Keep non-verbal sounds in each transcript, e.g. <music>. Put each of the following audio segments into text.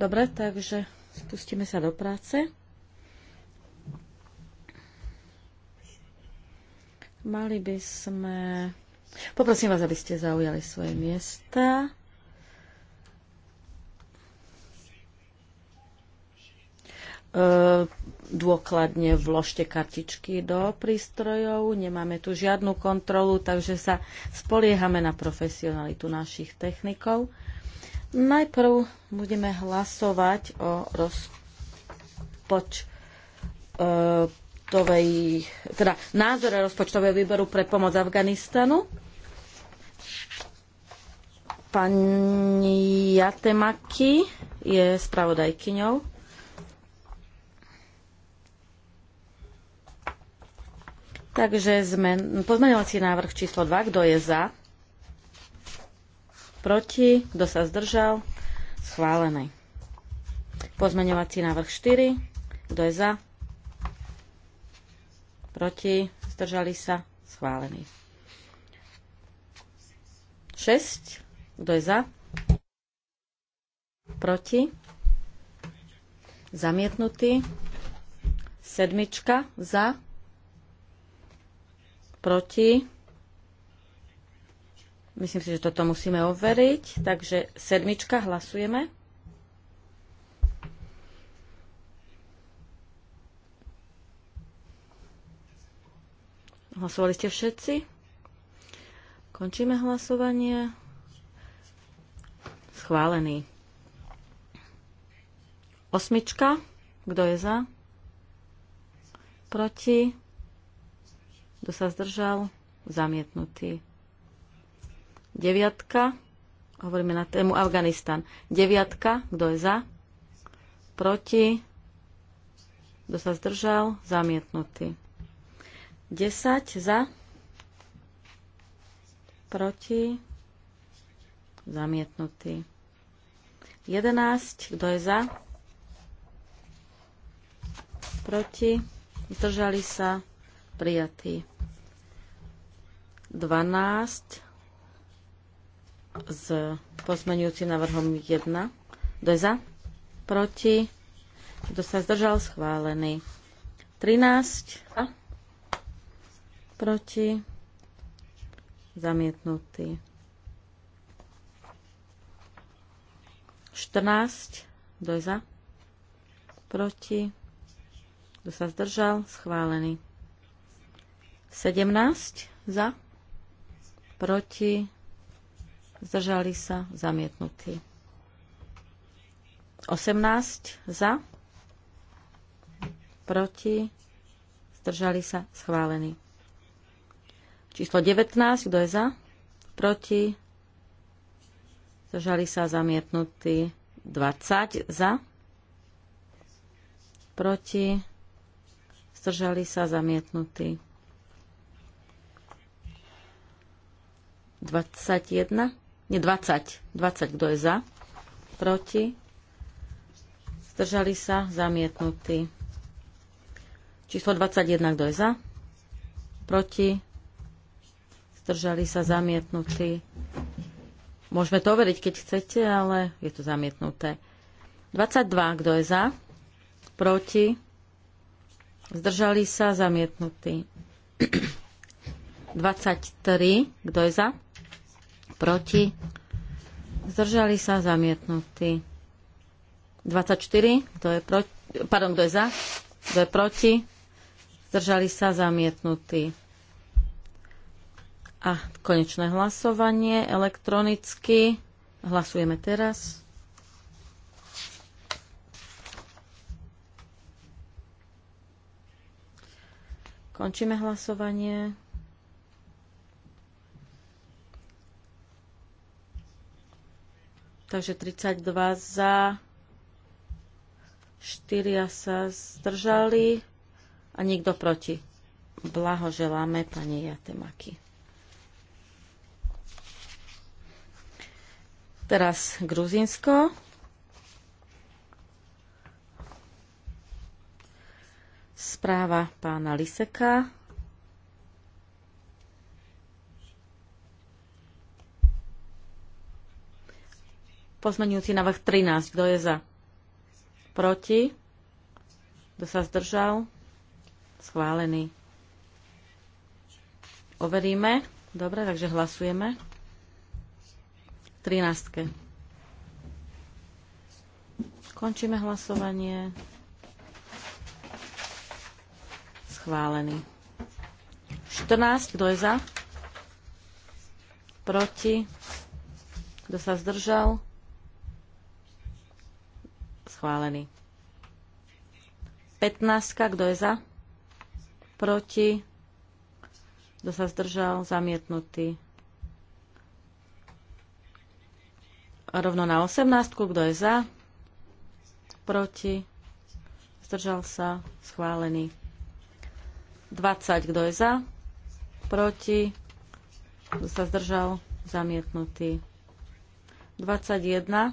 Dobre, takže spustíme sa do práce. Mali by sme... Poprosím vás, aby ste zaujali svoje miesta. E, dôkladne vložte kartičky do prístrojov. Nemáme tu žiadnu kontrolu, takže sa spoliehame na profesionalitu našich technikov. Najprv budeme hlasovať o rozpočtovej, teda názore rozpočtového výboru pre pomoc Afganistanu. Pani Jatemaki je spravodajkyňou. Takže sme pozmeňovací návrh číslo 2. Kto je za? proti, kto sa zdržal, schválené. Pozmeňovací návrh 4, kto je za, proti, zdržali sa, schválený. 6, kto je za, proti, zamietnutý, sedmička, za, proti, Myslím si, že toto musíme overiť. Takže sedmička, hlasujeme. Hlasovali ste všetci? Končíme hlasovanie. Schválený. Osmička. Kto je za? Proti? Kto sa zdržal? Zamietnutý. Deviatka, hovoríme na tému Afganistan. Deviatka, kto je za? Proti? Kto sa zdržal? Zamietnutý. 10 za? Proti? Zamietnutý. 11, kto je za? Proti? Zdržali sa? Prijatý. 12, s pozmeňujúcim návrhom 1. Kto je za? Proti? Kto sa zdržal? Schválený. 13. A? Proti? Zamietnutý. 14. Kto je za? Proti? Kto sa zdržal? Schválený. 17. Za? Proti? zdržali sa, zamietnutí. 18 za, proti, zdržali sa, schválení. Číslo 19, kto je za, proti, zdržali sa, zamietnutí. 20 za, proti, zdržali sa, zamietnutí. 21 nie, 20. 20, kto je za? Proti? Zdržali sa? Zamietnutí. Číslo 21, kto je za? Proti? Zdržali sa? Zamietnutí. Môžeme to overiť, keď chcete, ale je to zamietnuté. 22, kto je za? Proti? Zdržali sa? Zamietnutí. 23, <clears throat> kto je za? proti, zdržali sa, zamietnutí. 24, kto je proti, pardon, kto je za, kto je proti, zdržali sa, zamietnutí. A konečné hlasovanie elektronicky. Hlasujeme teraz. Končíme hlasovanie. Takže 32 za, 4 sa zdržali a nikto proti. Blahoželáme pani Jatemaki. Teraz Gruzinsko. Správa pána Liseka. Pozmenujúci návrh 13. Kto je za? Proti? Kto sa zdržal? Schválený. Overíme. Dobre, takže hlasujeme. 13. Končíme hlasovanie. Schválený. 14. Kto je za? Proti? Kto sa zdržal? schválený. 15. Kto je za? Proti? Kto sa zdržal? Zamietnutý. A rovno na 18. Kto je za? Proti? Zdržal sa? Schválený. 20. Kto je za? Proti? Kto sa zdržal? Zamietnutý. 21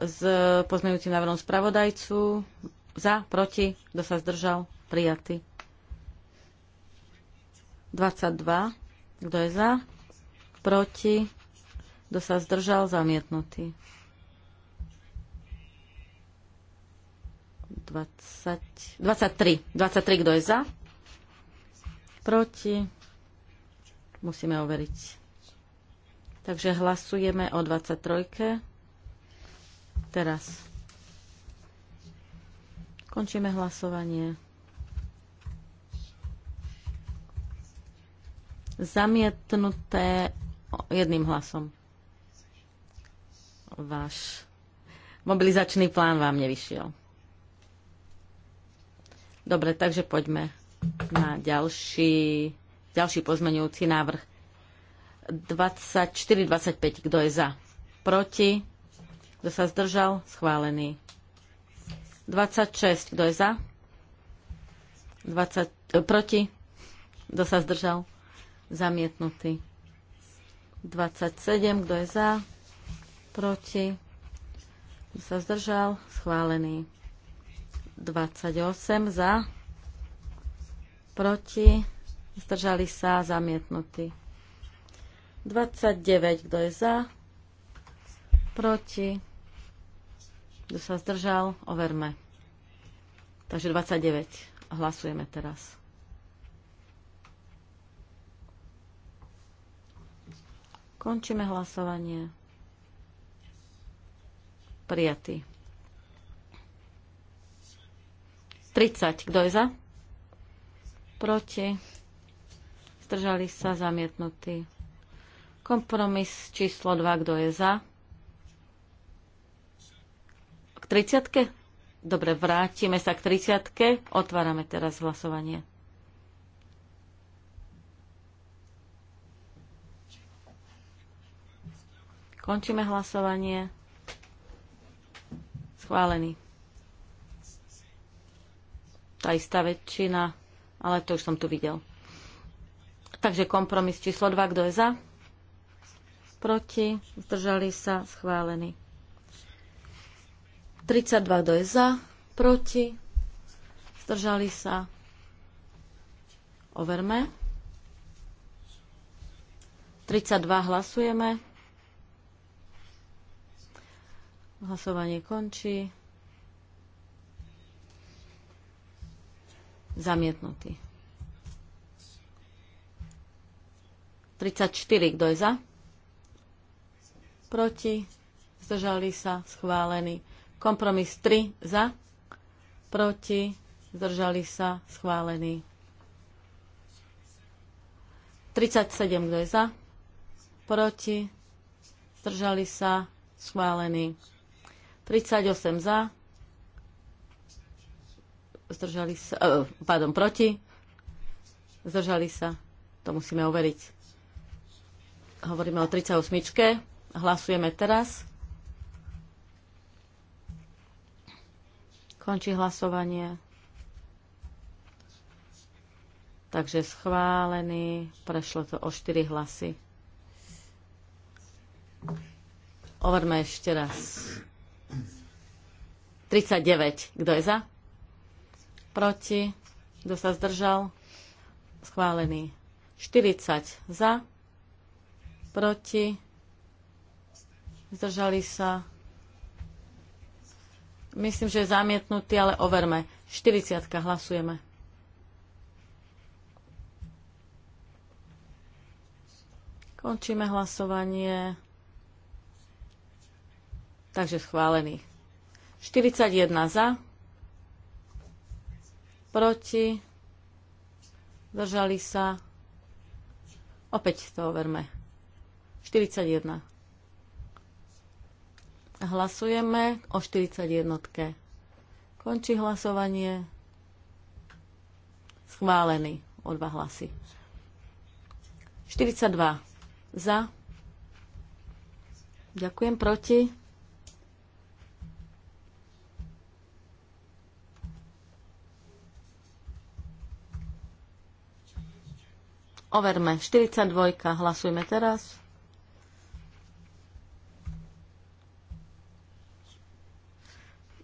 s pozmeňujúcim návrhom spravodajcu. Za, proti, kto sa zdržal, prijatý. 22, kto je za, proti, kto sa zdržal, zamietnutý. 20, 23, 23, kto je za, proti, musíme overiť. Takže hlasujeme o 23. Teraz. Končíme hlasovanie. Zamietnuté jedným hlasom. Váš mobilizačný plán vám nevyšiel. Dobre, takže poďme na ďalší, ďalší pozmenujúci návrh. 24-25, kto je za? Proti? Kto sa zdržal? Schválený. 26. Kto je za? 20, e, proti? Kto sa zdržal? Zamietnutý. 27. Kto je za? Proti? Kto sa zdržal? Schválený. 28 za, proti, zdržali sa, zamietnutí. 29, kto je za, proti, kto sa zdržal? Overme. Takže 29. Hlasujeme teraz. Končíme hlasovanie. Prijatý. 30. Kto je za? Proti. Zdržali sa zamietnutí. Kompromis číslo 2. Kto je za? 30? Dobre, vrátime sa k 30. -ke. Otvárame teraz hlasovanie. Končíme hlasovanie. Schválený. Tá istá väčšina, ale to už som tu videl. Takže kompromis číslo 2, kto je za? Proti? Zdržali sa? Schválený. 32, kto je za, proti, zdržali sa. Overme. 32 hlasujeme. Hlasovanie končí. Zamietnutý. 34, kto je za? Proti? Zdržali sa? Schválený. Kompromis 3 za, proti, zdržali sa, schválený. 37, kto je za, proti, zdržali sa, schválený. 38 za, zdržali sa, eh, pardon, proti, zdržali sa, to musíme overiť. Hovoríme o 38. Hlasujeme teraz. Končí hlasovanie. Takže schválený. Prešlo to o 4 hlasy. Overme ešte raz. 39. Kto je za? Proti? Kto sa zdržal? Schválený. 40 za. Proti? Zdržali sa? Myslím, že je zamietnutý, ale overme. 40 hlasujeme. Končíme hlasovanie. Takže schválený. 41 za. Proti. Držali sa. Opäť to overme. 41. Hlasujeme o 41. Končí hlasovanie. Schválený o dva hlasy. 42 za. Ďakujem proti. Overme. 42. Hlasujme teraz.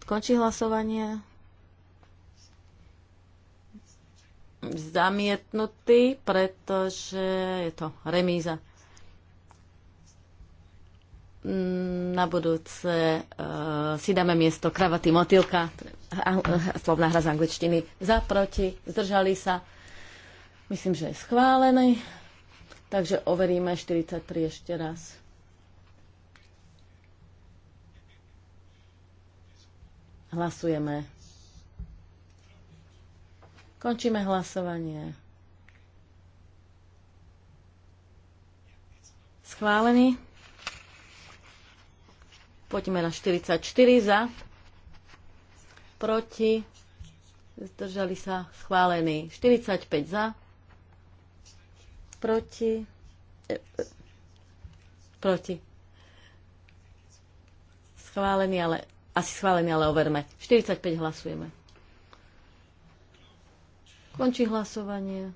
Končí hlasovanie. Zamietnutý, pretože je to remíza. Mm, na budúce uh, si dáme miesto kravaty motýlka, eh, slovná hra z angličtiny. Za, proti, zdržali sa. Myslím, že je schválený. Takže overíme 43 ešte raz. Hlasujeme. Končíme hlasovanie. Schválený. Poďme na 44 za. Proti. Zdržali sa. Schválený. 45 za. Proti. E, e, proti. Schválený, ale asi schválený, ale overme. 45 hlasujeme. Končí hlasovanie.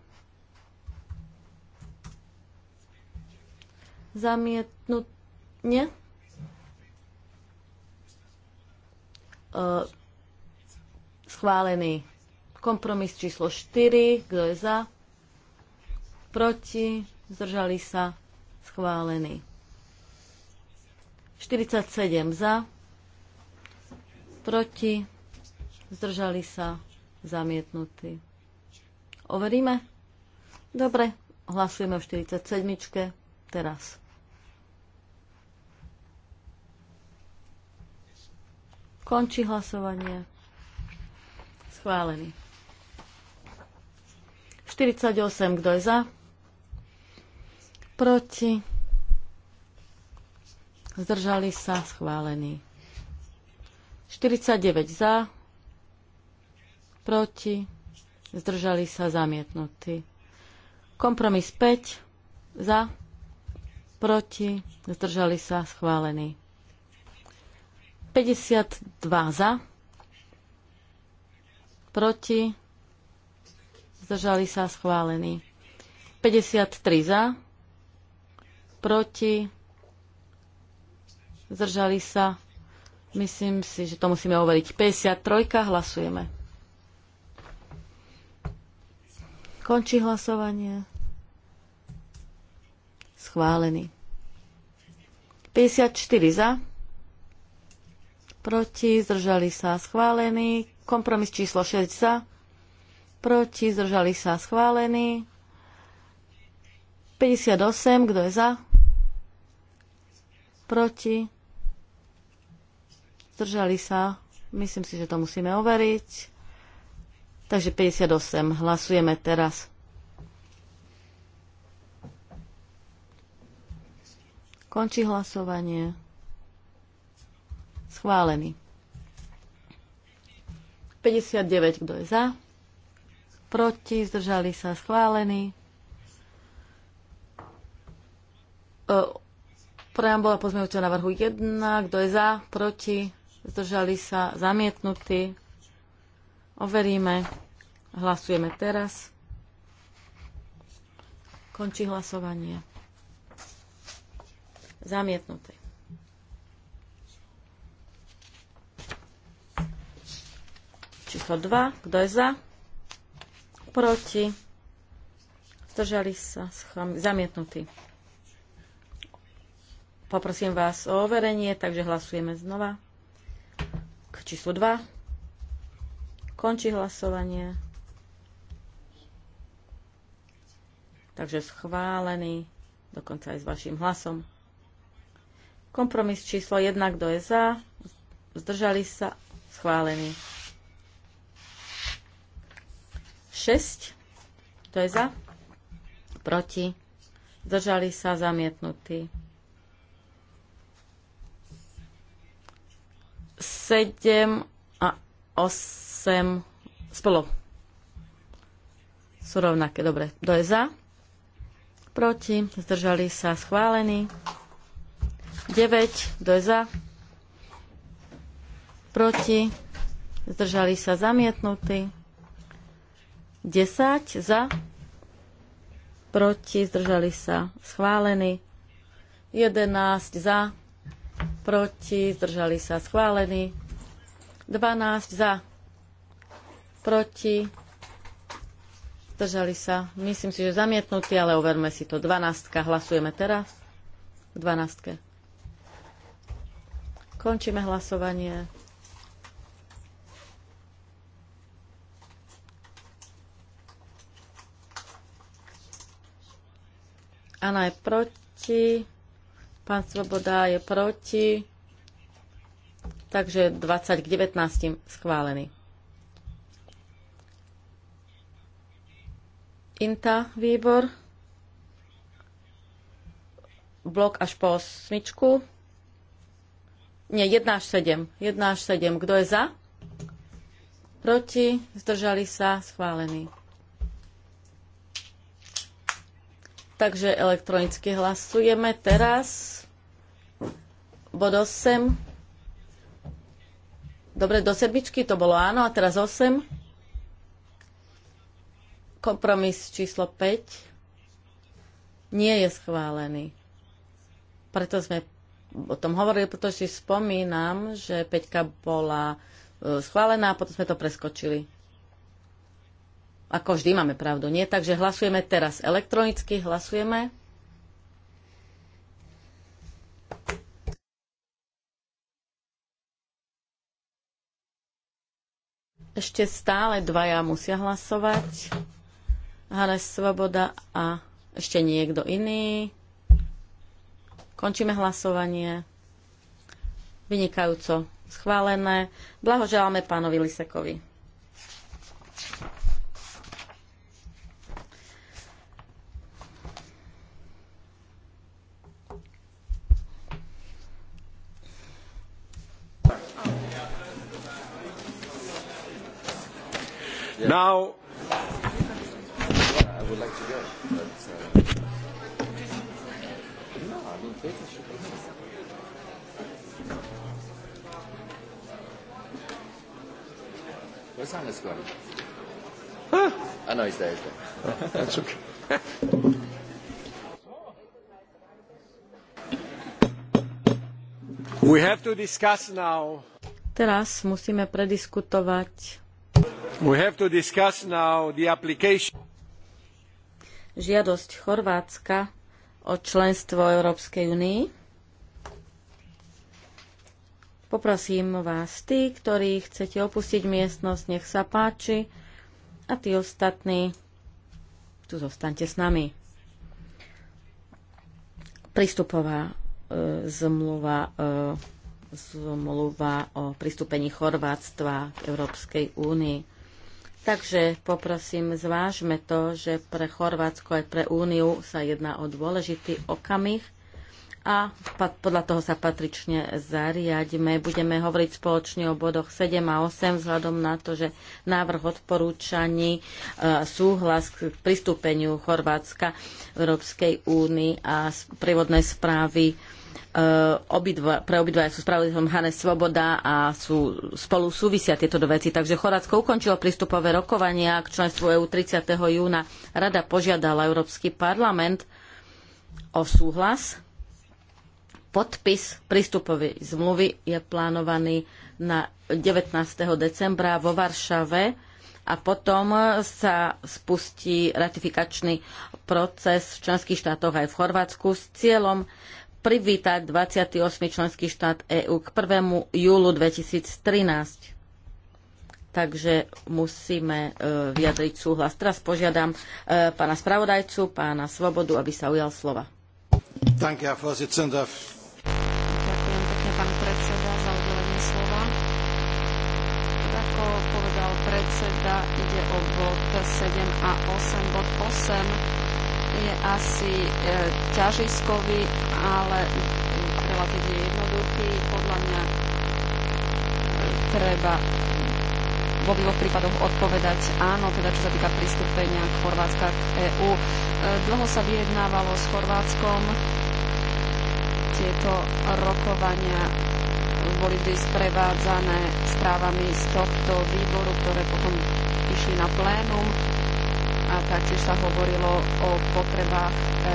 Zamietnut... Nie? Uh, e, schválený. Kompromis číslo 4. Kto je za? Proti? Zdržali sa? Schválený. 47 za proti, zdržali sa, zamietnutí. Overíme? Dobre, hlasujeme o 47. teraz. Končí hlasovanie. Schválený. 48, kto je za? Proti? Zdržali sa? Schválený. 49 za, proti, zdržali sa zamietnutí. Kompromis 5 za, proti, zdržali sa schválení. 52 za, proti, zdržali sa schválení. 53 za, proti, zdržali sa Myslím si, že to musíme overiť. 53. Hlasujeme. Končí hlasovanie. Schválený. 54 za. Proti. Zdržali sa. Schválený. Kompromis číslo 6 za. Proti. Zdržali sa. Schválený. 58. Kto je za? Proti. Zdržali sa? Myslím si, že to musíme overiť. Takže 58. Hlasujeme teraz. Končí hlasovanie. Schválený. 59, kto je za? Proti, zdržali sa, schválený. E, preambula pozmejúceho navrhu 1, kto je za? Proti, zdržali sa, zamietnutí. Overíme. Hlasujeme teraz. Končí hlasovanie. Zamietnutý. Číslo 2. Kto je za? Proti? Zdržali sa? Zamietnutí. Poprosím vás o overenie, takže hlasujeme znova číslo 2. Končí hlasovanie. Takže schválený, dokonca aj s vašim hlasom. Kompromis číslo 1, kto je za, zdržali sa, schválený. 6, kto je za, proti, zdržali sa, zamietnutý. 7 a 8 spolu sú rovnaké. Dobre, kto je za? Proti, zdržali sa schválení. 9, kto je za? Proti, zdržali sa zamietnutí. 10 za, proti, zdržali sa schválení. 11 za, proti, zdržali sa schválení. 12 za, proti, zdržali sa. Myslím si, že zamietnutí, ale overme si to. 12. Hlasujeme teraz. 12. Končíme hlasovanie. Ana je proti. Pán Svoboda je proti. Takže 20 k 19 schválený. INTA výbor. Blok až po osmičku. Nie, 1 až 7. 1 až 7. Kto je za? Proti? Zdržali sa? Schválený. Takže elektronicky hlasujeme teraz. Bod 8. Dobre, do sedmičky to bolo áno, a teraz 8. Kompromis číslo 5 nie je schválený. Preto sme o tom hovorili, pretože si spomínam, že 5 bola e, schválená a potom sme to preskočili. Ako vždy máme pravdu, nie? Takže hlasujeme teraz elektronicky, hlasujeme. Ešte stále dvaja musia hlasovať. Hanes Svoboda a ešte niekto iný. Končíme hlasovanie. Vynikajúco schválené. Blahoželáme pánovi Lisekovi. Now, I would like to go, but uh, no, I mean Peter should be here. Where's Hannes gone? Huh? I know he's there. He's there. Oh, that's okay. We have to discuss now. Teraz musíme prediskutovať Žiadosť Chorvátska o členstvo Európskej únii. Poprosím vás, tí, ktorí chcete opustiť miestnosť, nech sa páči. A tí ostatní, tu zostaňte s nami. Prístupová e, zmluva e, zmluva o pristúpení Chorvátstva k Európskej únii. Takže poprosím, zvážme to, že pre Chorvátsko aj pre Úniu sa jedná o dôležitý okamih a podľa toho sa patrične zariadíme. Budeme hovoriť spoločne o bodoch 7 a 8 vzhľadom na to, že návrh odporúčaní e, súhlas k pristúpeniu Chorvátska v Európskej únii a prívodnej správy Eh, obidva, pre obidva sú spravodajstvom Hane Svoboda a sú, spolu súvisia tieto dve veci. Takže Chorvátsko ukončilo prístupové rokovania k členstvu EÚ 30. júna. Rada požiadala Európsky parlament o súhlas. Podpis prístupovej zmluvy je plánovaný na 19. decembra vo Varšave a potom sa spustí ratifikačný proces v členských štátoch aj v Chorvátsku s cieľom privítať 28. členský štát EÚ k 1. júlu 2013. Takže musíme e, vyjadriť súhlas. Teraz požiadam e, pána spravodajcu, pána Svobodu, aby sa ujal slova. Ďakujem pekne, pán predseda, za udelenie slova. Ako povedal predseda, ide o bod 7 a 8. Bod 8 je asi e, ťažiskový, ale relatívne jednoduchý. Podľa mňa e, treba v obidvoch prípadoch odpovedať áno, teda čo sa týka pristúpenia Chorvátska k EÚ. E, dlho sa vyjednávalo s Chorvátskom. Tieto rokovania boli vždy sprevádzané správami z tohto výboru, ktoré potom išli na plénum a taktiež sa hovorilo o potrebách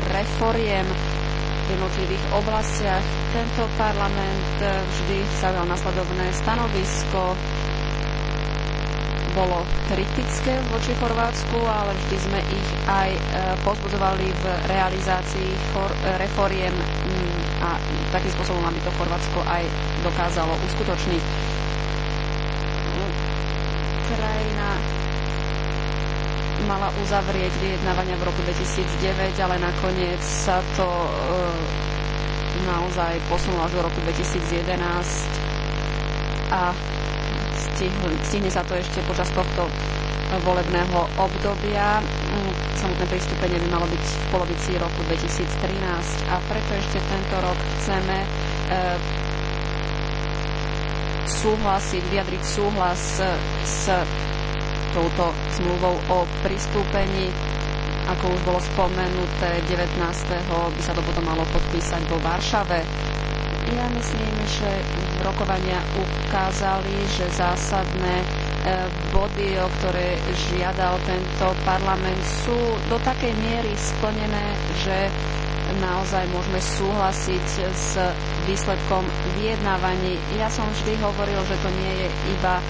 reforiem v jednotlivých oblastiach. Tento parlament eh, vždy zaujal nasledovné stanovisko. Bolo kritické voči Chorvátsku, ale vždy sme ich aj eh, pozbudzovali v realizácii eh, reforiem mm, a takým spôsobom, aby to Chorvátsko aj dokázalo uskutočniť. Krajina mala uzavrieť vyjednávania v roku 2009, ale nakoniec sa to e, naozaj posunulo až do roku 2011 a stihne, sa to ešte počas tohto volebného obdobia. Mm, samotné pristúpenie by malo byť v polovici roku 2013 a preto ešte tento rok chceme e, súhlasiť, vyjadriť súhlas s touto zmluvou o pristúpení. Ako už bolo spomenuté, 19. by sa to potom malo podpísať vo Varšave. Ja myslím, že rokovania ukázali, že zásadné e, body, o ktoré žiadal tento parlament, sú do takej miery splnené, že naozaj môžeme súhlasiť s výsledkom vyjednávaní. Ja som vždy hovoril, že to nie je iba e,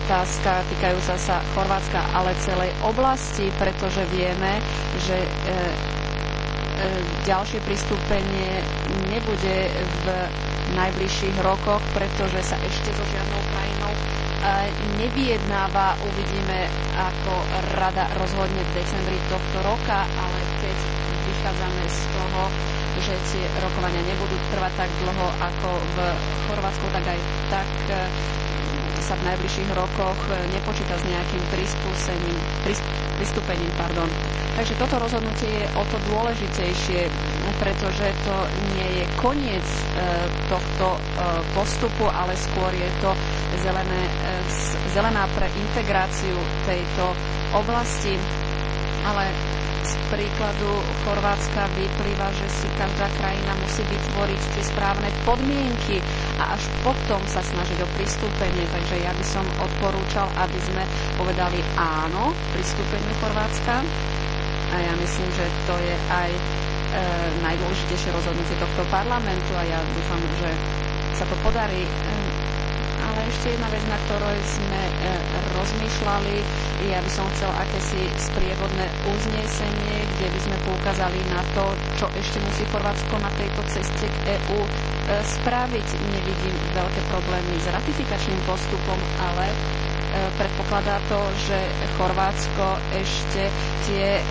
otázka týkajúca sa Chorvátska, ale celej oblasti, pretože vieme, že e, e, ďalšie pristúpenie nebude v najbližších rokoch, pretože sa ešte so žiadnou krajinou nevyjednáva. Uvidíme, ako rada rozhodne v decembri tohto roka, ale vychádzame z toho, že tie rokovania nebudú trvať tak dlho ako v Chorvátsku, tak aj tak e, sa v najbližších rokoch e, nepočíta s nejakým prispúsením, pristúpením. Pardon. Takže toto rozhodnutie je o to dôležitejšie, pretože to nie je koniec e, tohto postupu, ale skôr je to zelené, zelená pre integráciu tejto oblasti. Ale z príkladu Chorvátska vyplýva, že si každá krajina musí vytvoriť tie správne podmienky a až potom sa snažiť o pristúpenie. Takže ja by som odporúčal, aby sme povedali áno pristúpeniu Chorvátska. A ja myslím, že to je aj e, najdôležitejšie rozhodnutie tohto parlamentu a ja dúfam, že sa to podarí e, ešte jedna vec, na ktorej sme e, rozmýšľali. Ja by som chcel akési sprievodné uznesenie, kde by sme poukázali na to, čo ešte musí Chorvátsko na tejto ceste k EÚ e, spraviť. Nevidím veľké problémy s ratifikačným postupom, ale e, predpokladá to, že Chorvátsko ešte tie e,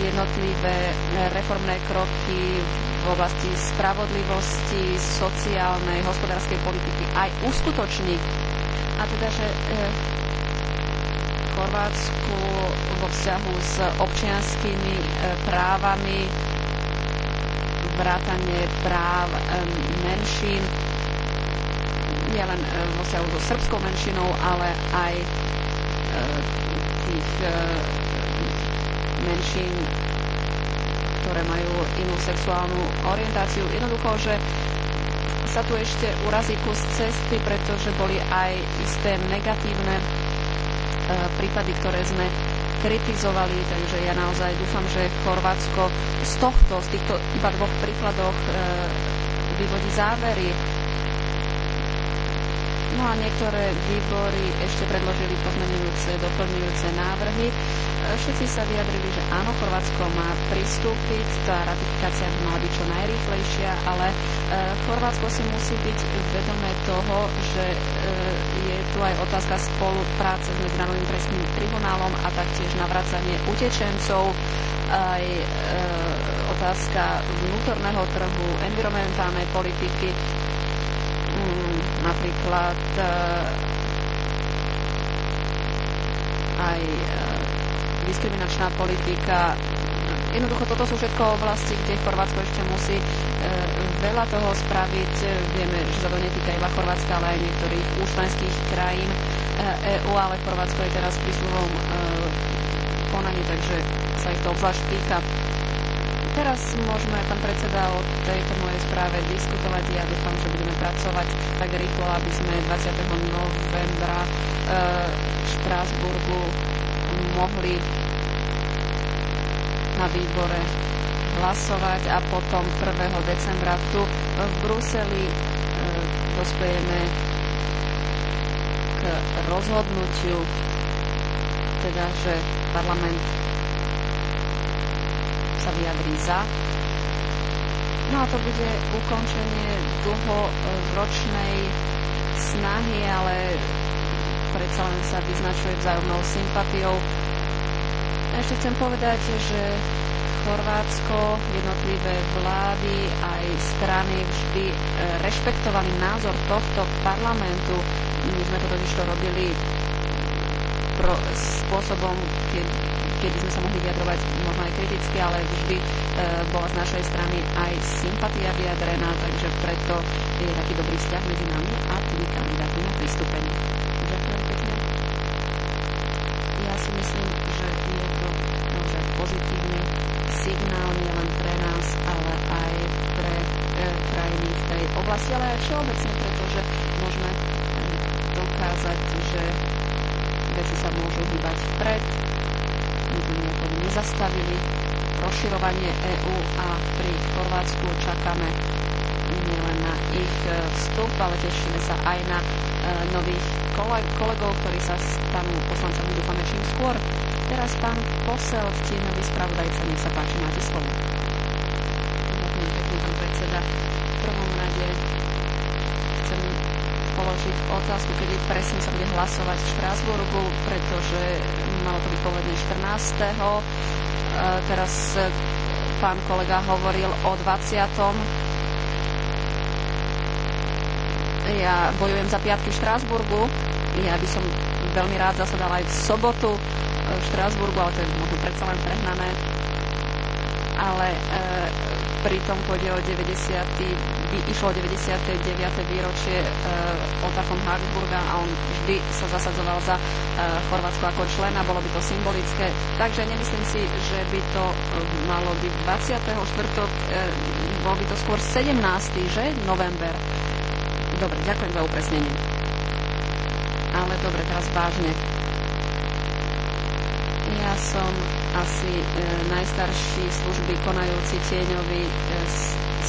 jednotlivé e, reformné kroky v v oblasti spravodlivosti, sociálnej, hospodárskej politiky aj uskutoční. A teda, že v e, Chorvátsku vo vzťahu s občianskými e, právami vrátanie práv e, menšín, nielen vo vzťahu so srbskou menšinou, ale aj tých menšín ktoré majú inú sexuálnu orientáciu. Jednoducho, že sa tu ešte urazí kus cesty, pretože boli aj isté negatívne e, prípady, ktoré sme kritizovali, takže ja naozaj dúfam, že Chorvátsko z tohto, z týchto iba dvoch príkladoch e, vyvodí závery. No a niektoré výbory ešte predložili pozmenujúce, doplňujúce návrhy všetci sa vyjadrili, že áno, Chorvátsko má pristúpiť, tá ratifikácia by mala byť čo najrýchlejšia, ale e, Chorvátsko si musí byť vedomé toho, že e, je tu aj otázka spolupráce s Medzinárodným trestným tribunálom a taktiež navracanie utečencov, aj e, otázka vnútorného trhu, environmentálnej politiky, mm, napríklad aj diskriminačná politika. Jednoducho toto sú všetko oblasti, kde Chorvátsko ešte musí e, veľa toho spraviť. Vieme, že sa to netýka iba Chorvátska, ale aj niektorých členských krajín EÚ, e ale Chorvátsko je teraz prísluhom e, konaní, takže sa ich to obzvlášť týka. Teraz môžeme, pán predseda, o tejto mojej správe diskutovať. Ja dúfam, že budeme pracovať tak rýchlo, aby sme 20. novembra e, v e, Štrásburgu mohli na výbore hlasovať a potom 1. decembra tu v Bruseli e, dospejeme k rozhodnutiu, teda že parlament sa vyjadrí za. No a to bude ukončenie dlhoročnej snahy, ale predsa len sa vyznačuje vzájomnou sympatiou a ešte chcem povedať, že Chorvátsko, jednotlivé vlády aj strany vždy e, rešpektovali názor tohto parlamentu. My sme to totiž to robili pro, spôsobom, keď, kedy sme sa mohli vyjadrovať možno aj kriticky, ale vždy e, bola z našej strany aj sympatia vyjadrená, takže preto je taký dobrý vzťah medzi nami a tými kandidátmi na pristúpenie. Ďakujem pekne. Ja si myslím, že pozitívny signál nielen pre nás, ale aj pre e, krajiny v tej oblasti, ale aj všeobecne, pretože môžeme e, dokázať, že veci sa môžu hýbať vpred, nikdy niekoho nezastavili, rozširovanie EÚ a pri Chorvátsku čakáme nielen na ich e, vstup, ale tešíme sa aj na e, nových kolegov, ktorí sa stanú poslancami, dúfame čím skôr. Teraz pán posel, v tieňový spravodajca, nech sa páči, máte slovo. Ďakujem pekne, pán predseda. V prvom rade chcem položiť otázku, kedy presne sa bude hlasovať v Štrásburgu, pretože malo to byť povedné 14. E, teraz e, pán kolega hovoril o 20 ja bojujem za piatky v Štrásburgu. Ja by som veľmi rád zasadala aj v sobotu, v Štrásburgu, ale to je možno predsa len prehnané. Ale e, tom pôjde o 90. By, išlo o 99. výročie e, Ota von Habsburga a on vždy sa zasadzoval za e, Chorvátsko ako člena, bolo by to symbolické. Takže nemyslím si, že by to e, malo byť 24. E, bol by to skôr 17. že? November. Dobre, ďakujem za upresnenie. Ale dobre, teraz vážne som asi e, najstarší služby konajúci tieňový e,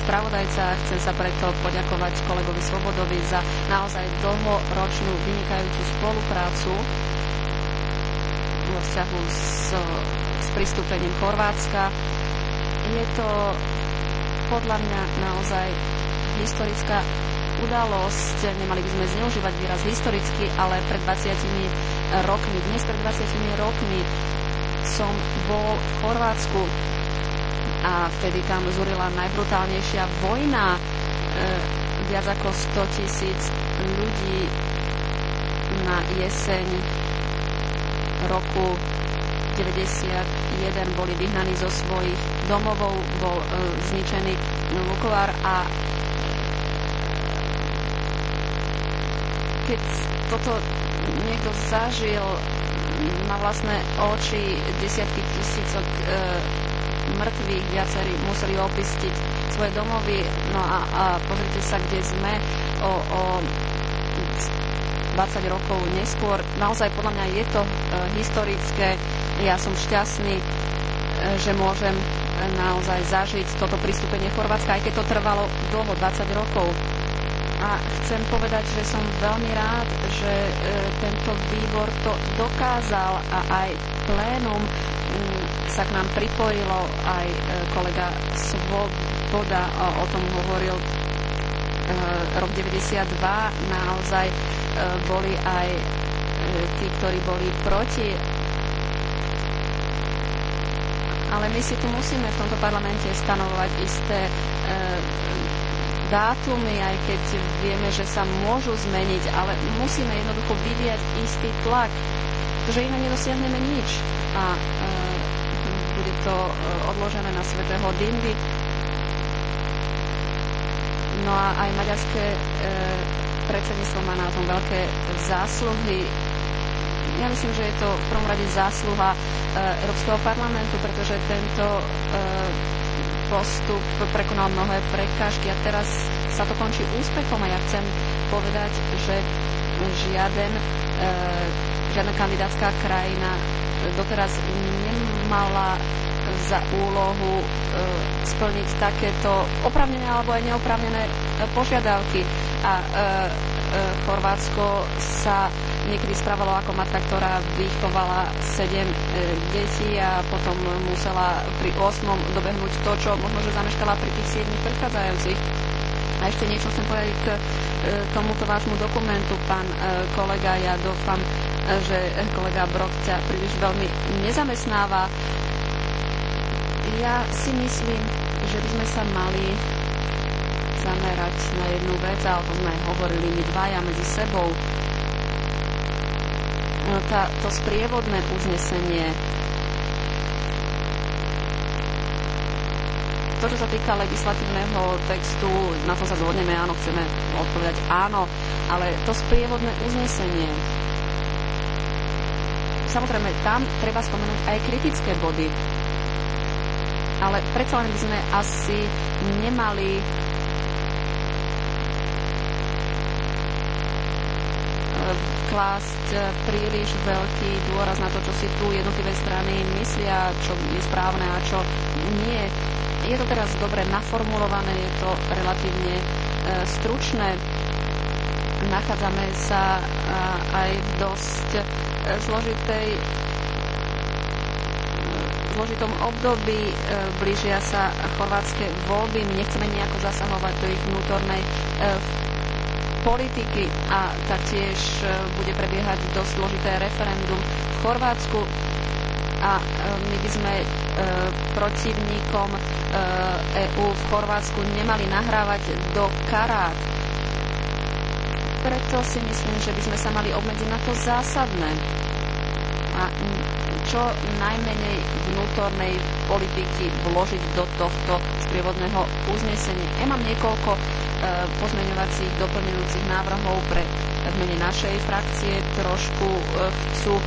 spravodajca a chcem sa preto poďakovať kolegovi Svobodovi za naozaj dlhoročnú vynikajúcu spoluprácu vo vzťahu s, s pristúpením Chorvátska. Je to podľa mňa naozaj historická udalosť. Nemali by sme zneužívať výraz historicky, ale pred 20 rokmi, dnes pred 20 rokmi som bol v Chorvátsku a vtedy tam zúrila najbrutálnejšia vojna. E, viac ako 100 tisíc ľudí na jeseň roku 91 boli vyhnaní zo svojich domovov, bol e, zničený Vukovár a keď toto niekto zažil na vlastné oči desiatky tisícok e, mŕtvych, viacerí museli opistiť svoje domovy. No a, a pozrite sa, kde sme o, o 20 rokov neskôr. Naozaj podľa mňa je to e, historické. Ja som šťastný, e, že môžem naozaj zažiť toto pristúpenie Chorvátska, aj keď to trvalo dlho, 20 rokov a chcem povedať, že som veľmi rád, že e, tento výbor to dokázal a aj plénum mm, sa k nám pripojilo, aj e, kolega Svoboda o tom hovoril e, rok 92 naozaj boli aj tí, ktorí boli proti. Ale my si tu musíme v tomto parlamente stanovovať isté dátumy, aj keď vieme, že sa môžu zmeniť, ale musíme jednoducho vyvíjať istý tlak, pretože inak nedosiahneme nič. A e, bude to e, odložené na svetého Dindy. No a aj maďarské e, predsedníctvo má na tom veľké zásluhy. Ja myslím, že je to v prvom rade zásluha e, Európskeho parlamentu, pretože tento e, postup prekonal mnohé prekážky a teraz sa to končí úspechom a ja chcem povedať, že žiaden, e, žiadna kandidátska krajina eh, doteraz nemala za úlohu e, splniť takéto opravnené alebo aj neopravnené požiadavky. A e, e, Chorvátsko sa niekedy správalo ako matka, ktorá vychovala 7 e, detí a potom musela pri 8 dobehnúť to, čo možno, že zameškala pri tých 7 predchádzajúcich. A ešte niečo chcem povedať k e, tomuto vášmu dokumentu, pán e, kolega. Ja dúfam, že kolega Brok ťa príliš veľmi nezamestnáva. Ja si myslím, že by sme sa mali zamerať na jednu vec, a o tom sme aj hovorili my dvaja medzi sebou, No tá, to sprievodné uznesenie, to, čo sa týka legislatívneho textu, na tom sa zhodneme, áno, chceme odpovedať áno, ale to sprievodné uznesenie, samozrejme, tam treba spomenúť aj kritické body, ale predsa len by sme asi nemali klásť eh, príliš veľký dôraz na to, čo si tu jednotlivé strany myslia, čo je správne a čo nie. Je to teraz dobre naformulované, je to relatívne eh, stručné. Nachádzame sa eh, aj v dosť zložitej zložitom období blížia sa chorvátske voľby. My nechceme nejako zasahovať do ich vnútornej e, politiky a taktiež e, bude prebiehať dosť zložité referendum v Chorvátsku a e, my by sme e, protivníkom EÚ v Chorvátsku nemali nahrávať do karát. Preto si myslím, že by sme sa mali obmedziť na to zásadné a čo najmenej vnútornej politiky vložiť do tohto sprievodného uznesenia. Ja mám niekoľko e, pozmeňovacích, doplňujúcich návrhov pre v mene našej frakcie. Trošku e, chcú e,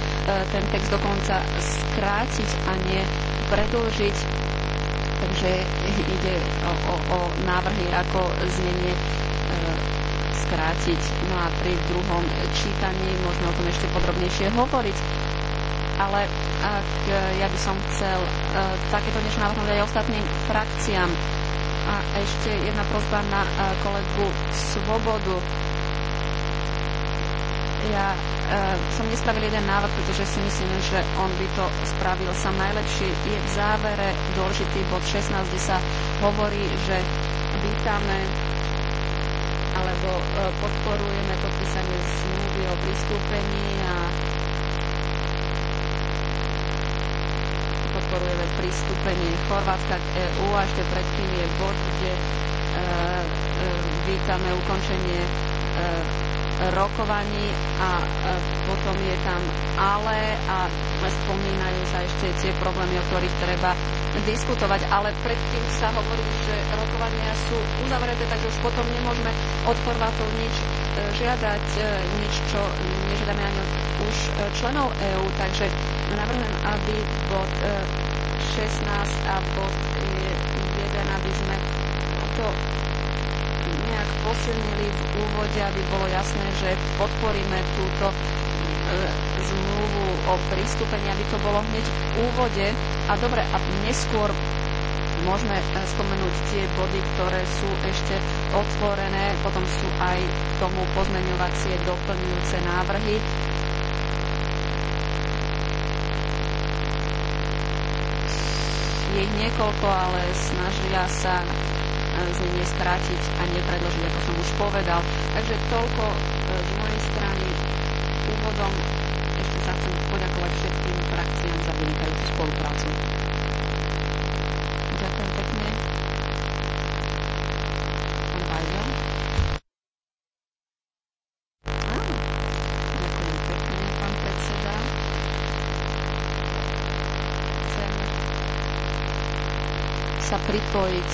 ten text dokonca skrátiť a nie predlžiť. Takže ide o, o, o návrhy ako znenie e, skrátiť. No a pri druhom čítaní môžeme o tom ešte podrobnejšie hovoriť ale ak, e, ja by som chcel e, takéto niečo navrhnúť aj ostatným frakciám. A ešte jedna prozba na e, kolegu Svobodu. Ja som nespravil jeden návrh, pretože si myslím, že on by to spravil sám najlepšie. Je v závere dôležitý bod 16, kde sa hovorí, že vítame alebo podporujeme podpísanie zmluvy o pristúpení a pripravujeme pristúpenie Chorvátska k EÚ a ešte predtým je bod, kde e, e, vítame ukončenie e, rokovaní a e, potom je tam ale a spomínajú sa ešte tie problémy, o ktorých treba diskutovať, ale predtým sa hovorí, že rokovania sú uzavreté, takže už potom nemôžeme od Chorvátov nič e, žiadať, e, nič, čo nežiadame ani od už členov EÚ, takže navrhujem, aby bod 16 a bod 1, aby sme to nejak posilnili v úvode, aby bolo jasné, že podporíme túto e, zmluvu o pristúpení, aby to bolo hneď v úvode a dobre, a neskôr môžeme e, spomenúť tie body, ktoré sú ešte otvorené, potom sú aj k tomu pozmeňovacie doplňujúce návrhy je ich niekoľko, ale snažia sa e, z nej neskrátiť a nepredložiť, ako som už povedal. Takže toľko e, z mojej strany úvodom. Ešte sa chcem poďakovať všetkým frakciám za vynikajúcu spoluprácu. pripojiť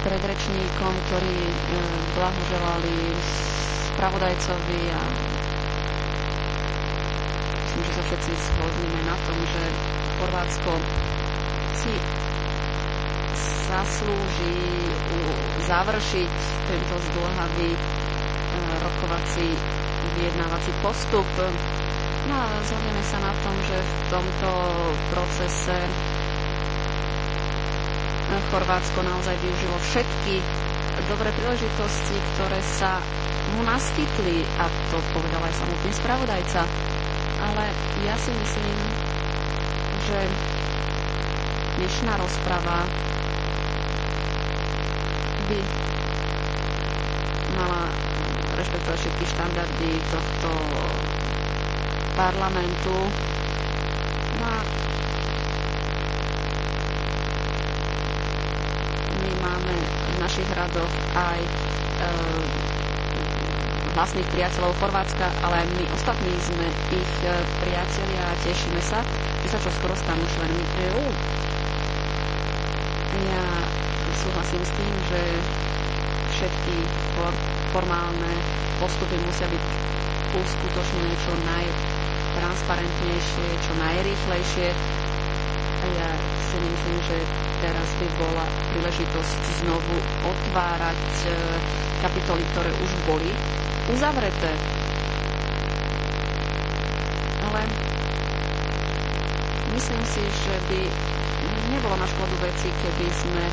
predrečníkom, ktorí e, blahoželali spravodajcovi a myslím, že sa všetci zhodneme na tom, že Chorvátsko si zaslúži završiť tento zdlhavý e, rokovací vyjednávací postup. No a zhodneme sa na tom, že v tomto procese Chorvátsko naozaj využilo všetky dobré príležitosti, ktoré sa mu naskytli, a to povedal aj samotný spravodajca. Ale ja si myslím, že dnešná rozprava by mala rešpektovať všetky štandardy tohto parlamentu. No a máme v našich hradoch aj eh, vlastných priateľov Chorvátska, ale aj my ostatní sme ich eh, priatelia a tešíme sa, že sa čoskoro stanú členmi EÚ. Ja súhlasím s tým, že všetky formálne postupy musia byť uskutočnené čo najtransparentnejšie, čo najrýchlejšie. Ja si myslím, že teraz by bola príležitosť znovu otvárať e, kapitoly, ktoré už boli uzavreté. Ale myslím si, že by nebolo na škodu veci, keby sme e,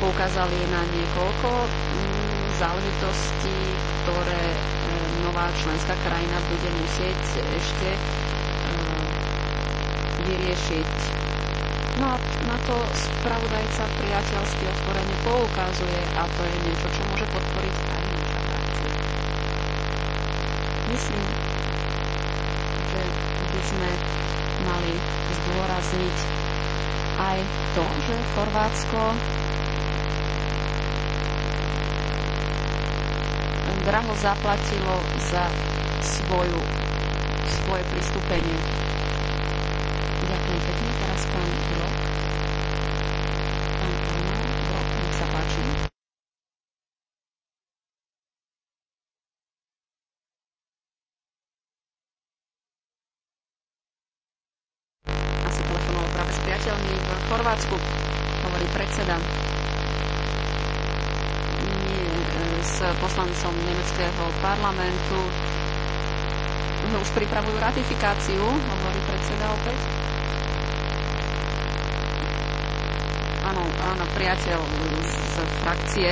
poukázali na niekoľko mm, záležitostí, ktoré e, nová členská krajina bude musieť ešte vyriešiť No na to spravodajca priateľsky otvorene poukazuje a to je niečo, čo môže podporiť aj naša frakcia. Myslím, že by sme mali zdôrazniť aj to, že Chorvátsko draho zaplatilo za svoju, svoje pristúpenie. Ďakujem pekne, teraz pán poslancom nemeckého parlamentu. Už pripravujú ratifikáciu, hovorí predseda opäť. Áno, áno, priateľ z frakcie.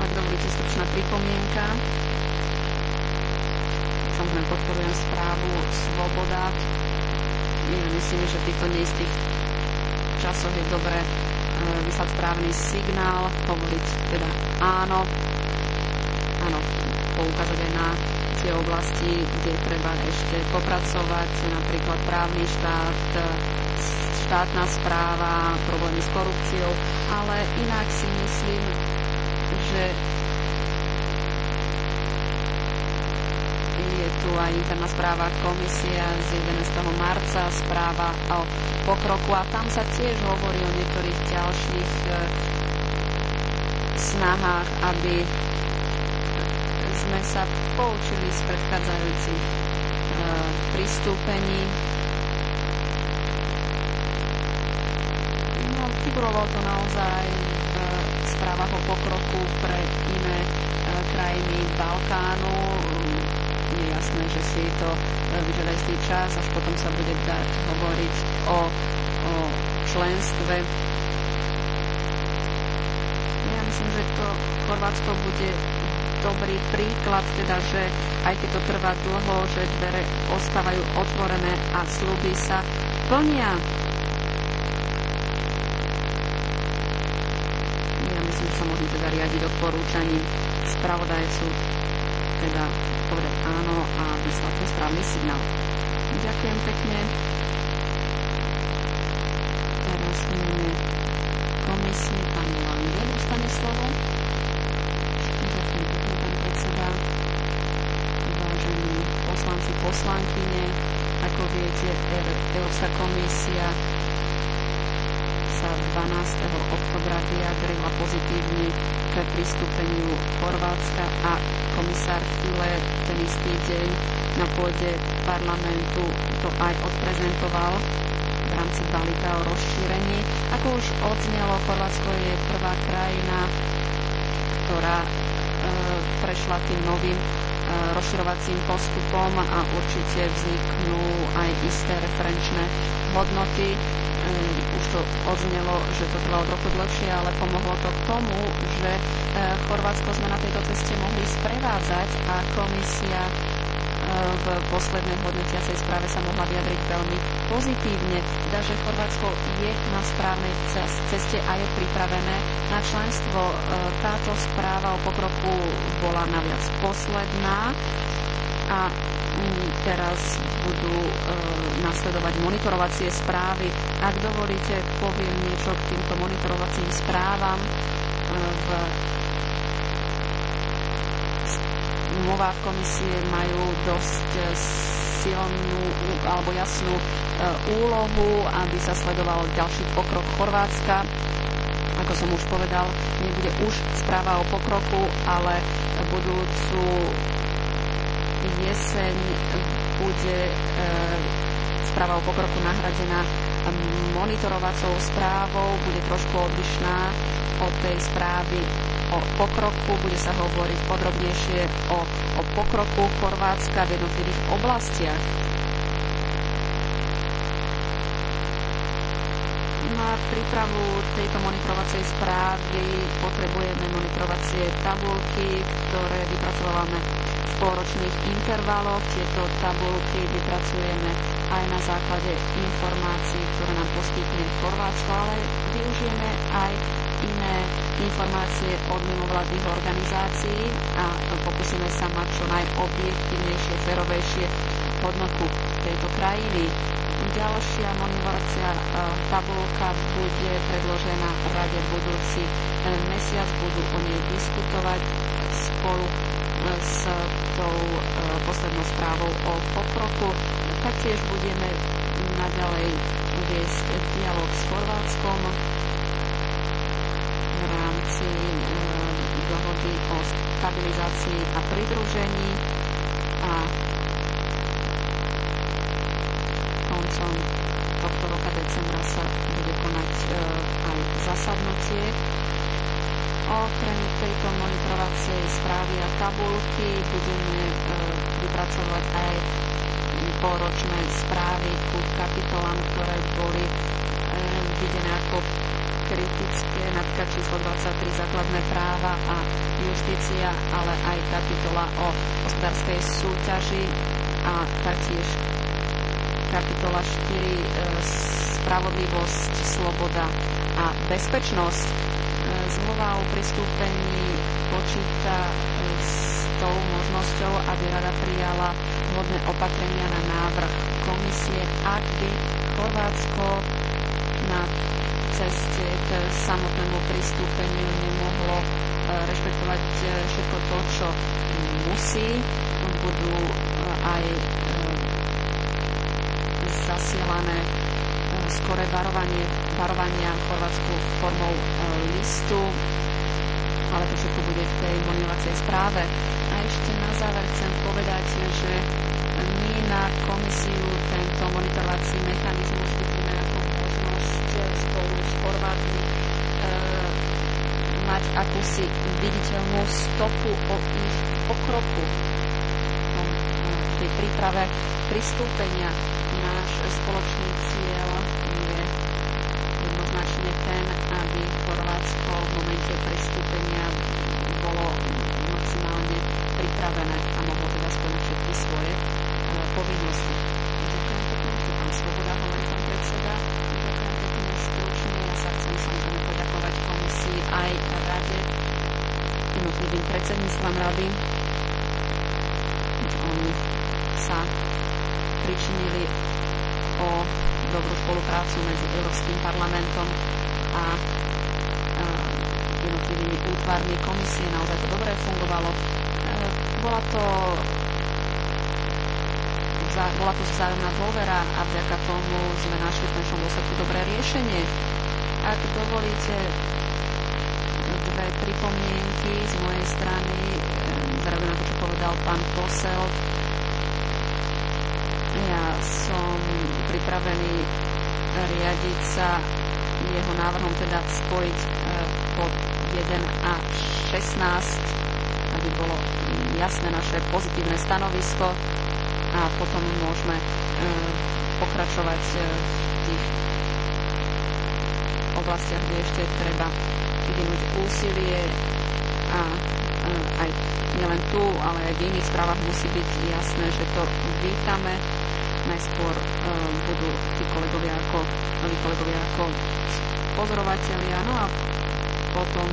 Ak dovolíte, stručná pripomienka. Samozrejme podporujem správu Svoboda. My myslím, že v týchto neistých časoch je dobré Eh, vyslať správny signál, hovoriť teda áno, áno, poukázať aj na tie oblasti, kde treba ešte popracovať, napríklad právny štát, štátna správa, problémy s korupciou, ale inak si myslím, že tu aj interná správa komisia z 11. marca, správa o pokroku a tam sa tiež hovorí o niektorých ďalších e, snahách, aby sme sa poučili z predchádzajúcich e, pristúpení. No, figurovalo to naozaj v e, správach o pokroku pre iné krajiny Balkánu je jasné, že si to e, vyžiada istý čas, až potom sa bude dať hovoriť o, o členstve. Ja myslím, že to Chorvátsko bude dobrý príklad, teda, že aj keď to trvá dlho, že dvere ostávajú otvorené a sluby sa plnia. Ja myslím, že sa môžem teda riadiť odporúčaním spravodajcu, teda povedať áno a vyslať ten správny signál. Ďakujem pekne. Teraz v mene komisie pán Lange dostane slovo. Ďakujem pekne, pán predseda. Vážení poslanci, poslankyne, ako viete, Európska komisia 12. oktobra vyjadrila pozitívne k pristúpeniu Chorvátska a komisár File ten istý deň na pôde parlamentu to aj odprezentoval v rámci balíka o rozšírení. Ako už odznelo, Chorvátsko je prvá krajina, ktorá e, prešla tým novým e, rozširovacím postupom a určite vzniknú aj isté referenčné hodnoty um, už to odznelo, že to trvalo trochu dlhšie, ale pomohlo to k tomu, že uh, Chorvátsko sme na tejto ceste mohli sprevádzať a komisia eh, v poslednej hodnotiacej správe sa mohla vyjadriť veľmi pozitívne, teda že Chorvátsko je na správnej ceste a je pripravené na členstvo. Eh, táto správa o pokroku bola naviac posledná a Teraz budú e, nasledovať monitorovacie správy. Ak dovolíte, poviem niečo k týmto monitorovacím správam e, v mluvách komisie majú dosť e, silnú alebo jasnú e, úlohu, aby sa sledoval ďalší pokrok Chorvátska. Ako som už povedal, nebude už správa o pokroku, ale budúcu jeseň bude eh, správa o pokroku nahradená eh, monitorovacou správou, bude trošku odlišná od tej správy o pokroku, bude sa hovoriť podrobnejšie o, o pokroku Chorvátska v jednotlivých oblastiach. Na prípravu tejto monitorovacej správy potrebujeme monitorovacie tabulky, ktoré vypracovávame v polročných intervaloch. Tieto tabulky vypracujeme aj na základe informácií, ktoré nám poskytne Chorvátsko, ale využijeme aj iné informácie od mimovládnych organizácií a pokúsime sa mať čo najobjektívnejšie, ferovejšie hodnotu tejto krajiny. Ďalšia monitoracia e, tabulka bude predložená Rade budúci e, mesiac. Budú o nej diskutovať spolu s tou e, poslednou správou o pokroku. Taktiež budeme naďalej viesť dialog s Chorvátskom v rámci e, dohody o stabilizácii a pridružení a koncom tohto roka decembra sa bude konať e, aj zasadnutie Okrem tejto monitorovacej správy a tabulky budeme e, vypracovať aj pôročné správy ku kapitolám, ktoré boli e, videné ako kritické, napríklad číslo 23 základné práva a justícia, ale aj kapitola o hospodárskej súťaži a taktiež kapitola 4 e, spravodlivosť, sloboda a bezpečnosť zmluva o pristúpení počíta e, s tou možnosťou, aby rada prijala vhodné opatrenia na návrh komisie, ak by Chorvátsko na ceste k samotnému pristúpeniu nemohlo e, rešpektovať e, všetko to, čo musí. Budú aj zasielané skore varovanie, varovania Chorvátsku formou listu, ale to všetko bude v tej monilacej správe. A ešte na záver chcem povedať, že my na komisiu tento monitorovací mechanizmus vidíme ako možnosť spolu s Chorvátmi e, mať akúsi viditeľnú stopu o ich pokroku no, pri príprave pristúpenia. Náš spoločný cieľ je jednoznačne ten, pripravené. to, bola to vzájomná dôvera a vďaka tomu sme našli v našom dôsledku dobré riešenie. Ak dovolíte dve pripomienky z mojej strany, ehm, zároveň na to, čo povedal pán posel, ja som pripravený riadiť sa jeho návrhom, teda spojiť ehm, pod 1 a 16 aby bolo jasné naše pozitívne stanovisko a potom môžeme e, pokračovať e, v tých oblastiach, kde ešte treba vyvinúť úsilie a e, aj nielen tu, ale aj v iných správach musí byť jasné, že to vítame. Najskôr budú tí kolegovia ako, noví kolegovia ako pozorovatelia, no a potom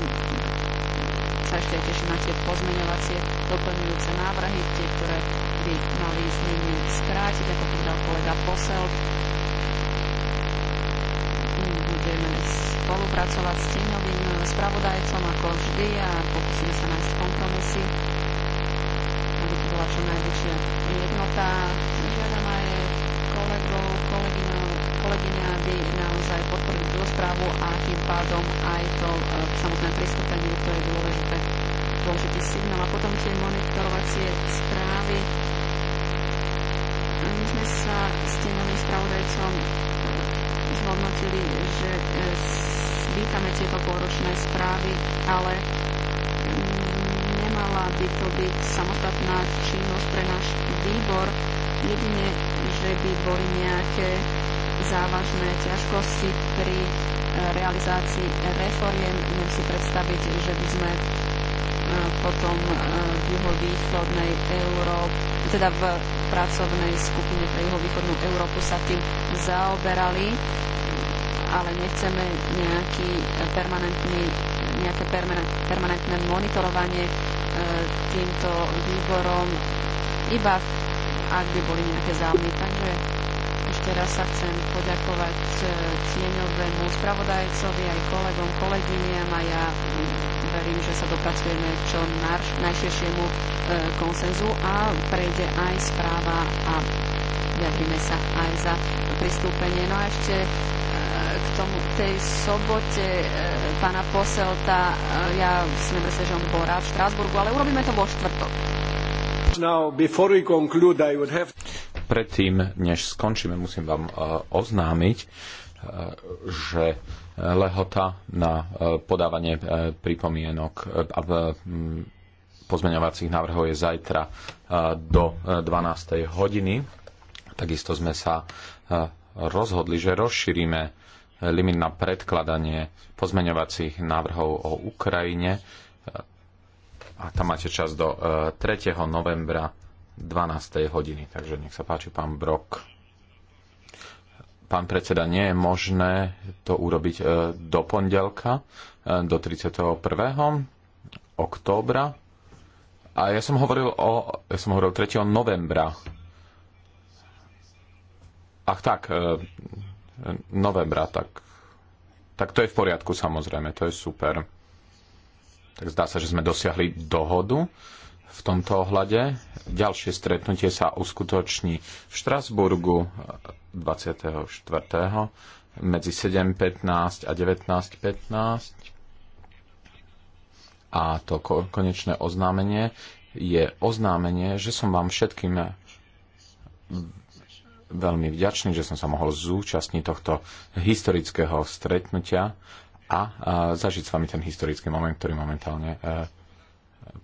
sa ešte aj teším na tie pozmeňovacie doplňujúce návrhy, tie, ktoré by mali znenie skrátiť, ako povedal kolega Posel. Budeme spolupracovať s tieňovým spravodajcom ako vždy a pokúsime sa nájsť kompromisy, aby to bola čo najväčšia jednota kolegyne, aby naozaj podporili túto správu a tým pádom aj to e, samotné pristúpenie, to je dôležité, dôležitý signál. A potom tie monitorovacie správy. My sme sa s tým novým spravodajcom e, zhodnotili, že e, vítame tieto pôročné správy, ale mm, nemala by to byť samostatná činnosť pre náš výbor, jedine, že by boli nejaké závažné ťažkosti pri e, realizácii reforiem. Viem si predstaviť, že by sme e, potom e, v juhovýchodnej Európe, teda v pracovnej skupine pre juhovýchodnú Európu sa tým zaoberali, ale nechceme nejaký permanentný, nejaké permanentné monitorovanie týmto výborom, iba ak by boli nejaké záujmy. Takže teraz sa chcem poďakovať e, tieňovému spravodajcovi aj kolegom, kolegyniam a ja mm, verím, že sa dopracujeme k čo najširšiemu e, konsenzu a prejde aj správa a vyjadrime sa aj za pristúpenie. No a ešte e, k tomu tej sobote pána Poselta, ja si nemyslím, že on bol rád v Štrásburgu, ale urobíme to vo štvrtok. Now, have... Predtým, než skončíme, musím vám e, oznámiť, e, že lehota na e, podávanie pripomienok a pozmeňovacích návrhov je zajtra do 12. hodiny. Takisto sme sa rozhodli, že rozšírime limit na predkladanie pozmeňovacích návrhov o Ukrajine a tam máte čas do 3. novembra 12. hodiny. Takže nech sa páči, pán Brok. Pán predseda, nie je možné to urobiť e, do pondelka, e, do 31. októbra. A ja som hovoril o, ja som hovoril 3. novembra. Ach tak, e, novembra, tak, tak to je v poriadku samozrejme, to je super. Tak zdá sa, že sme dosiahli dohodu v tomto ohľade. Ďalšie stretnutie sa uskutoční v Štrasburgu 24. Eh, medzi 7.15 a 19.15. A to konečné oznámenie je oznámenie, že som vám všetkým eh, veľmi vďačný, že som sa mohol zúčastniť tohto historického stretnutia a eh, zažiť s vami ten historický moment, ktorý momentálne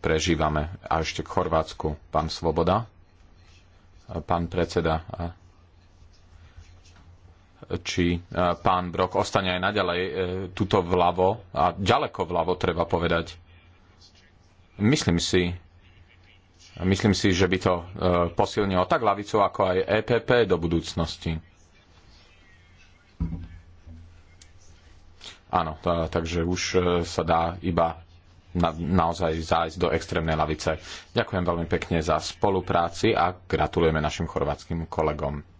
prežívame. A ešte k Chorvátsku, pán Svoboda, pán predseda, či e, pán Brok ostane aj naďalej e, tuto vľavo a ďaleko vľavo, treba povedať. Myslím si, myslím si, že by to e, posilnilo tak lavicu, ako aj EPP do budúcnosti. Áno, tá, takže už sa dá iba na, naozaj zájsť do extrémnej lavice. Ďakujem veľmi pekne za spolupráci a gratulujeme našim chorvátskym kolegom.